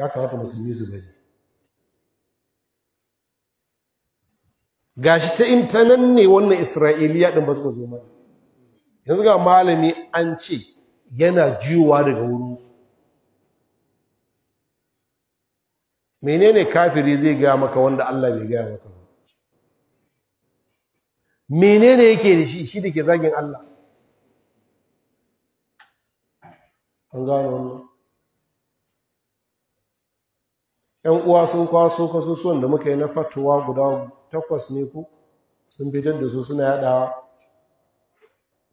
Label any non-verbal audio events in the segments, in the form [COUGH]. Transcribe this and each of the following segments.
ya kamata musulmi su bari gashi ta intanan ne wannan isra'iliya din ba suka zo mana yanzu ga malami an ce yana jiwuwa daga wurinsu menene kafiri zai gaya maka wanda Allah bai gaya maka ba menene yake da shi shi da ke zagin Allah an gano wannan yan uwa sun kwaso suwan da muka yi na fatuwa guda takwas ne ku sun fitar da su suna yadawa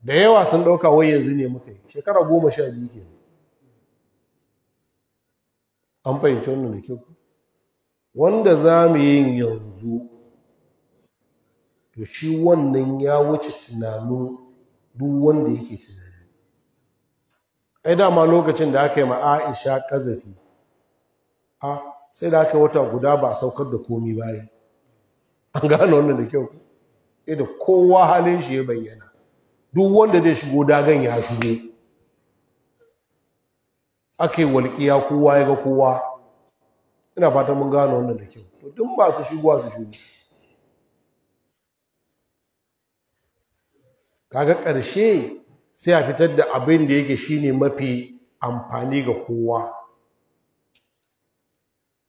da yawa sun dauka wai yanzu ne muka yi shekara goma sha biyu ke an fahimci wannan da kyau wanda za mu yi yanzu to shi wannan ya wuce tunanin duk wanda yake tunani ai dama lokacin da aka yi ma aisha kazafi a sai da aka wata guda ba saukar da komi baya. an gano wannan da kyau sai da kowa halin shi ya bayyana duk wanda zai shigo dagan ya shigo aka yi walƙiya kowa ya ga kowa ina fata mun gano wannan da kyau to duk su shigo su shigo kaga ƙarshe sai a fitar da abin da yake shine mafi amfani ga kowa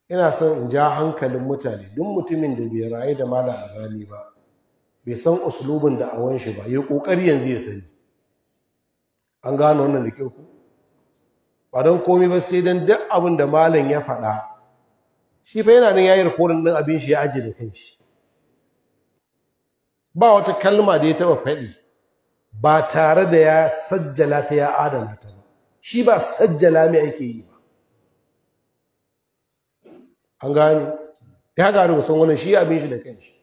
ina son in ja hankalin mutane duk mutumin da bai rayu da mala gani ba bai san uslubin da awon shi ba ya kokari yanzu ya sani an gano wannan da kyau ba don komai ba sai dan duk abin da malam ya faɗa shi fa yana nan yayi rikorin din abin shi ya ajiye da shi. ba wata kalma da ya taba faɗi ba tare da ya sajjala ta ya adana ta ba shi ba sajjala mai ake yi an gane ya gane musan wannan shi abin shi da kanshi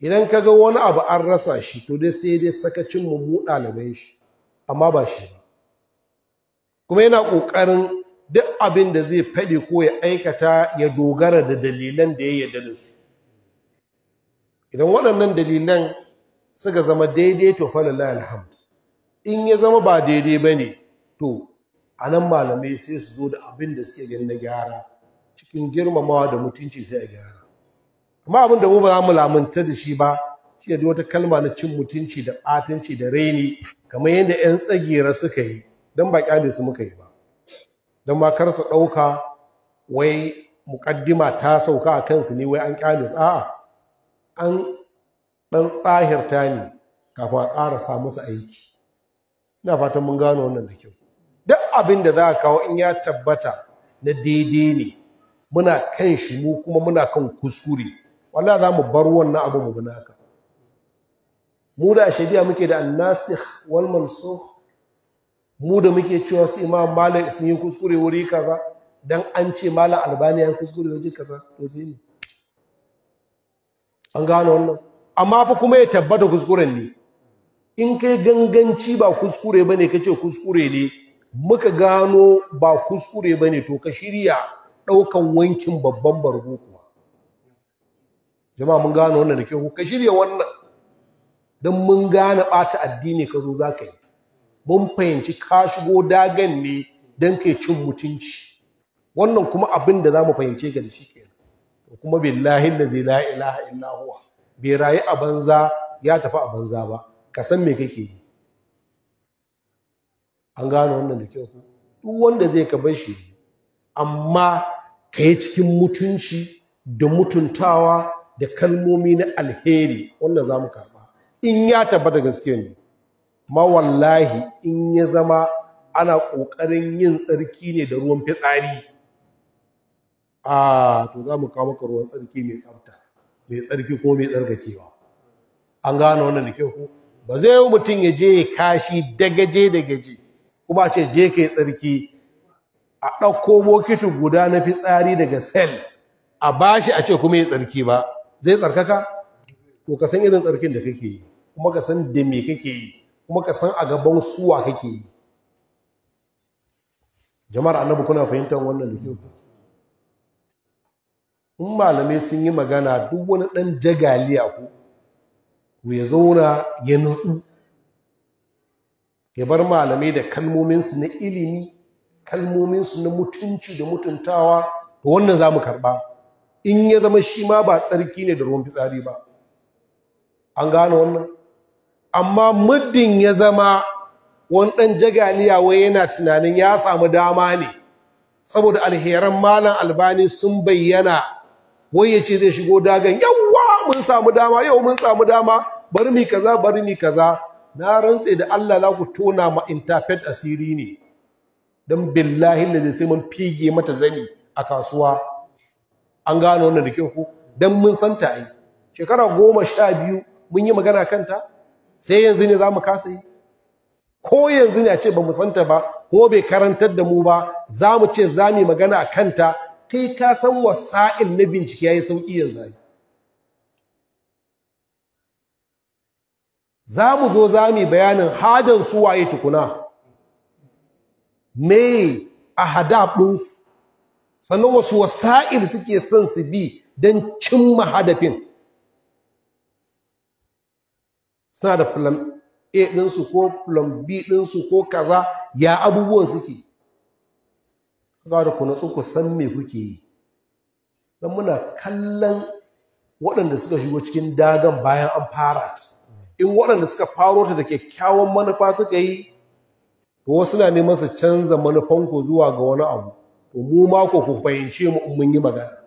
idan ka ga wani abu an rasa shi to dai sai dai sakacin mu mu dalibai shi amma ba shi ba kuma yana ƙoƙarin duk abin da zai faɗi ko ya aikata ya dogara da dalilan da ya yarda da su idan waɗannan dalilan suka zama daidai to falallah alhamd in ya zama ba daidai ba ne to a nan malamai sai su zo da abin da suke ganin na gyara cikin girmamawa da mutunci sai a gyara amma abin da mu ba za mu lamunta da shi ba shi duk wata kalma na cin mutunci da ɓatanci da raini kamar yadda 'yan tsagera suka yi don ba ƙyale su muka yi ba don ma kar su ɗauka wai muƙaddima ta sauka a kansu ne wai an ƙyale su a'a an ɗan tsahirta ne kafin a ƙara sa musu aiki ina fatan mun gano wannan da kyau duk abin da za a kawo in ya tabbata na daidai ne muna kan shi mu kuma muna kan kuskure wallahi za mu bar wannan abu mu gina haka mu da shari'a muke da annasikh wal mansukh mu da muke cewa su imam malik sun yi kuskure wuri kaza dan an ce malam albani ya kuskure wuri kaza to sai ne an gano wannan amma fa kuma ya tabbata kuskuren ne in kai ganganci ba kuskure bane kace kuskure ne muka gano ba kuskure bane to ka shirya ɗaukan wankin babban bargo kuwa jama'a mun gane wannan da ke ka shirya wannan don mun gane ɓata addini ka zo za ka yi mun fahimci ka shigo dagan ne don ka cin mutunci wannan kuma abin da za mu fahimce ga da shi ke kuma billahi da zai la'ilaha illahuwa bai rayu a banza ya tafi a banza ba ka san me kake yi an gane wannan da kyau duk wanda zai ka bar shi amma ka yi cikin mutunci da mutuntawa da kalmomi na alheri wanda za mu karɓa in ya tabbata gaske ne ma wallahi in ya zama ana ƙoƙarin yin tsarki ne da ruwan fitsari a to za mu kawo maka ruwan tsarki mai tsafta mai tsarki ko mai tsarkakewa an gano wannan da kyau ko ba zai yi mutum ya je ya kashi dagaje dagaje kuma ce je ka yi tsarki a ɗauko bokiti guda na fitsari daga sel a bashi a ce kuma yi tsarki ba zai tsarkaka to ka san irin tsarkin da kake yi kuma ka san da me kake yi kuma ka san a gaban suwa kake yi jama'ar annabi kuna fahimtar wannan da kyau in malamai sun yi magana duk wani ɗan jagaliya ku ku ya zauna ya nutsu ya bar malamai da kalmominsu na ilimi su na mutunci da mutuntawa to wannan za mu karɓa in ya zama shi ma ba tsarki ne da ruwan fitsari ba an gane wannan amma muddin ya zama wani ɗan jagaliya wai yana tunanin ya samu dama ne saboda alheran malam albani sun bayyana wai ya ce zai shigo dagan yawwa mun samu dama yau mun samu dama bari mi kaza bari mi kaza na rantse da Allah la ku tona ma intafet asiri ne don billahi da zai sai mun fige mata zani a kasuwa an gano wannan da ku don mun san ta yi shekara goma sha biyu mun yi magana kanta sai yanzu ne za mu kasa yi ko yanzu ne a ce ba mu santa ba ko bai karantar da mu ba za mu ce za mu magana a kanta kai ka san wasa'il na bincike ya yi sauƙi yanzu yi za mu zo za mu bayanin hadan su waye tukuna me a hadabinsu sannan wasu wasa'ir suke son su bi don cimma hadafin suna da plan A ɗinsu ko plan B ɗinsu ko kaza ya abubuwan suke ga da kuna tsoko san me kuke yi don muna kallon waɗanda suka shigo cikin dagan bayan an fara ta in waɗanda suka faro ta da kyakkyawan manufa suka yi to wasu na neman su canza manufanku zuwa ga wani abu to mu mako ku fahimce mu in mun yi magana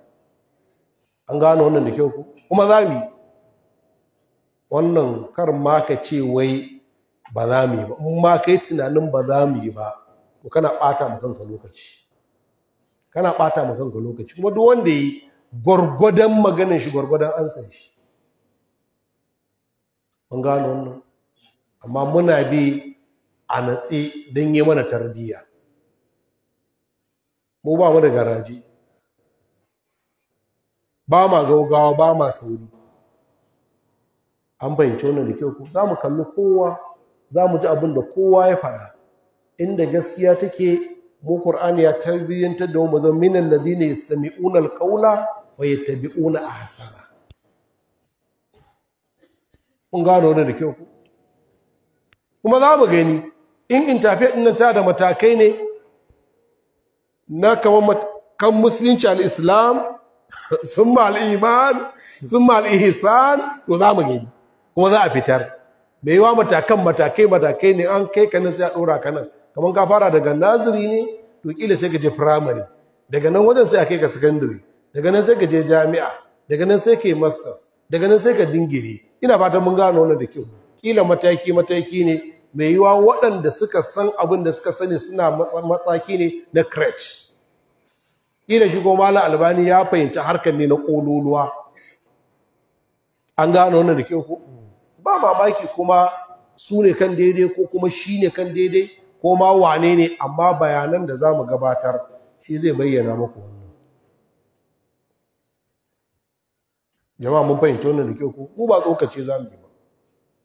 an gano wannan da kyau ku kuma za mu yi wannan kar ma ka ce wai ba za mu yi ba in ma kai tunanin ba za mu yi ba to kana ɓata ma kanka lokaci kana ɓata ma kanka lokaci kuma duk wanda yi gwargwadon maganin shi gwargwadon ansan shi An gano wannan amma muna bi a natse don yi mana tarbiyya mu ba mu da garaji ba ma gaugawa ba ma sauri an bayyance wannan da kyau za mu kalli kowa za mu ji abin da kowa ya faɗa inda gaskiya take mu Kur'an ya tarbiyyantar da mu zan minal ladina wa ya qawla fa a hasara. kun gano wannan da kyau kuma za mu gani in tafiya ɗin ta da matakai ne na kamar kan musulunci al'islam [LAUGHS] sun al'iman sun al'ihisan Ko za mu gani kuma za a fitar bai yiwa matakan matakai matakai ne an kai kanin sai a ɗora kanan kamar ka fara daga naziri ne to kila sai ka je firamare daga nan wajen sai a kai ka sakandare daga nan sai ka je jami'a daga nan sai ka yi masters daga nan sai ka dingire ina fatan mun gano wannan da kyau kila mataki mataki ne mai yiwa waɗanda suka san abin da suka sani suna matsaki ne na crèche ina shigo malam albani ya fahimci harkar ne na ƙololuwa an gano wannan da kyau ku. ba mamaki kuma su ne kan daidai ko kuma shi ne kan daidai ko ma wane ne amma bayanan da za mu gabatar shi zai bayyana muku wannan jama'a mun fahimci wannan da kyau ko ba tsokaci za mu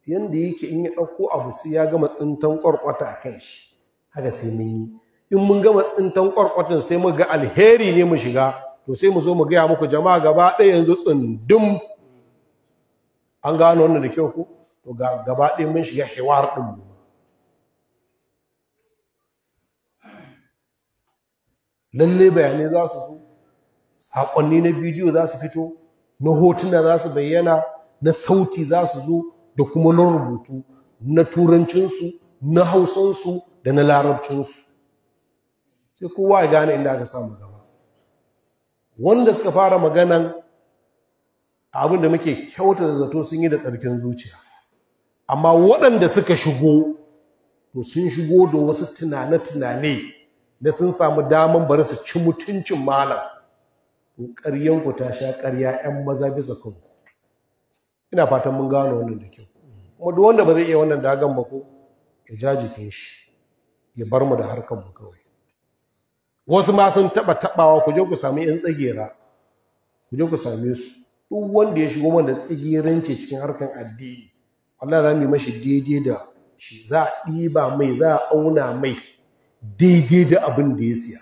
yanda yake in ya ɗauko abu sai ya gama tsintan ƙwarƙwata a kan shi haka sai mun yi in mun gama tsintan ƙwarƙwatan sai mu ga alheri ne mu shiga to sai mu zo mu gaya muku jama'a gaba ɗaya yanzu tsundum an gano wannan da kyau ko, to gaba ɗaya mun shiga hiwar ɗin mu lalle bayanai za su zo saƙonni na bidiyo za su fito na hotuna za su bayyana na sauti za su zo da kuma na rubutu na turancinsu na hausansu da na larabcinsu sai kowa ya gane inda aka samu gaba wanda suka fara maganan abin da muke kyauta da zato sun yi da tsarkin zuciya amma waɗanda suka shigo to sun shigo da wasu tunane-tunane na sun samu damar bari su ci mutuncin malam to ƙaryanku ta sha ƙarya 'yan maza bisa kanku ina fatan mun gano wannan da kyau kuma duk wanda ba zai iya wannan dagan ba ko ya shi ya bar mu da harkar mu kawai wasu ma sun taba tabawa ku je ku sami yan tsagera ku je ku same su duk wanda ya shigo mana tsigiranci cikin harkan addini Allah za mu yi mashi daidai da shi za a ɗiba mai za a auna mai daidai da abin da ya siya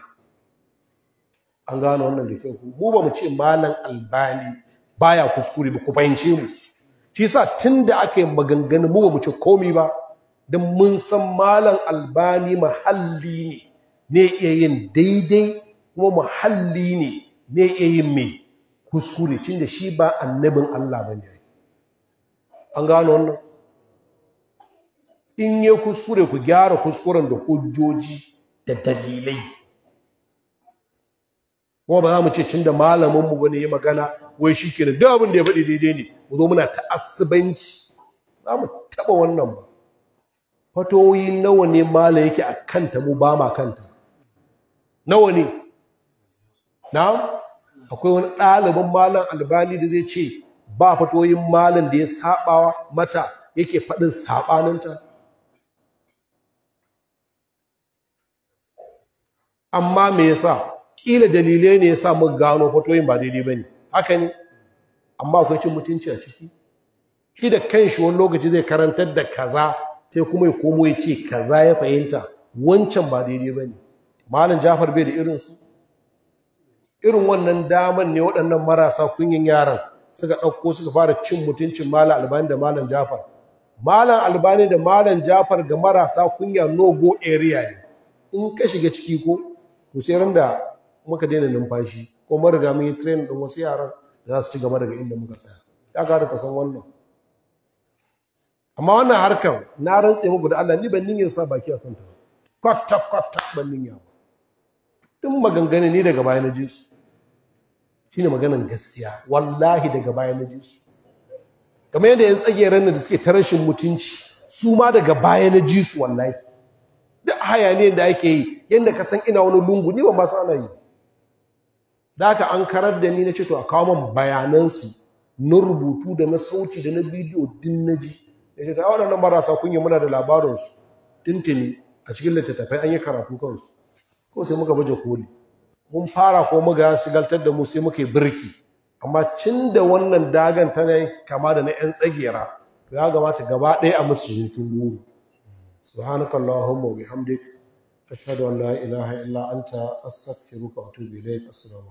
an gano wannan da kyau mu ba mu ce malam albani baya kuskure ba ku fahimce mu shi sa tunda aka yi maganganu mu ba mu ci komai ba don mun san malam albani mahalli ne ne iya yin daidai kuma mahalli ne ne iya yin mai kuskure cin da shi ba annabin Allah ba ne an gano wannan in yi kuskure ku gyara kuskuren da hujjoji da dalilai kuma ba za mu ce cin da malaminmu ne yi magana wai shi ke duk abin da ya faɗi daidai ne mu zo muna ta'assubanci za mu taɓa wannan ba fatoyi nawa ne mala yake a kanta mu ba ma kanta nawa ne na akwai wani ɗaliban malam albani da zai ce ba fatoyin malam da ya saɓa mata yake faɗin saɓaninta amma me yasa ƙila dalilai ne ya sa mu gano fatoyin ba daidai ba ne haka ne amma akwai cin mutunci a ciki shi da kanshi wani lokaci zai karantar da kaza sai kuma ya komo ya ce kaza ya fahimta wancan ba daidai ba ne malam jafar bai da irinsu irin wannan daman ne waɗannan marasa kunyin yaran suka ɗauko suka fara cin mutuncin malam albani da malam jafar malam albani da malam jafar ga marasa kunya no go area ne in ka shiga ciki ko to sai da muka daina numfashi ko marga riga mun yi train din wasu yaran da za su ci gaba daga inda muka tsaya ya ka da san wannan amma wannan harkar na rantse muku da Allah ni ban niyyar sa baki a kanta kwata kwata ban niyyar yawa tun maganganun ni daga baya na ji su shine maganan gaskiya wallahi daga baya na ji su kamar yadda yan tsageren da suke ta rashin mutunci su ma daga baya na ji su wallahi duk hayaniyar da ake yi yadda ka san ina wani lungu ni ban ba su ana yi da aka an karar da ni na ce to a kawo man bayanansu na rubutu da na sauti da na bidiyo din na ji da shi ga waɗannan marasa yi muna da labarinsu tuntuni a cikin littattafai an yi karatu kansu ko sai muka baje koli mun fara ko muga shigaltar da mu sai muka yi birki amma cin da wannan dagan ta tana kama da na 'yan tsagera to ya gamata gaba ɗaya a musu jinkin guru subhanakallahumma wa bihamdika ashhadu an la ilaha illa anta astaghfiruka wa atubu ilayk assalamu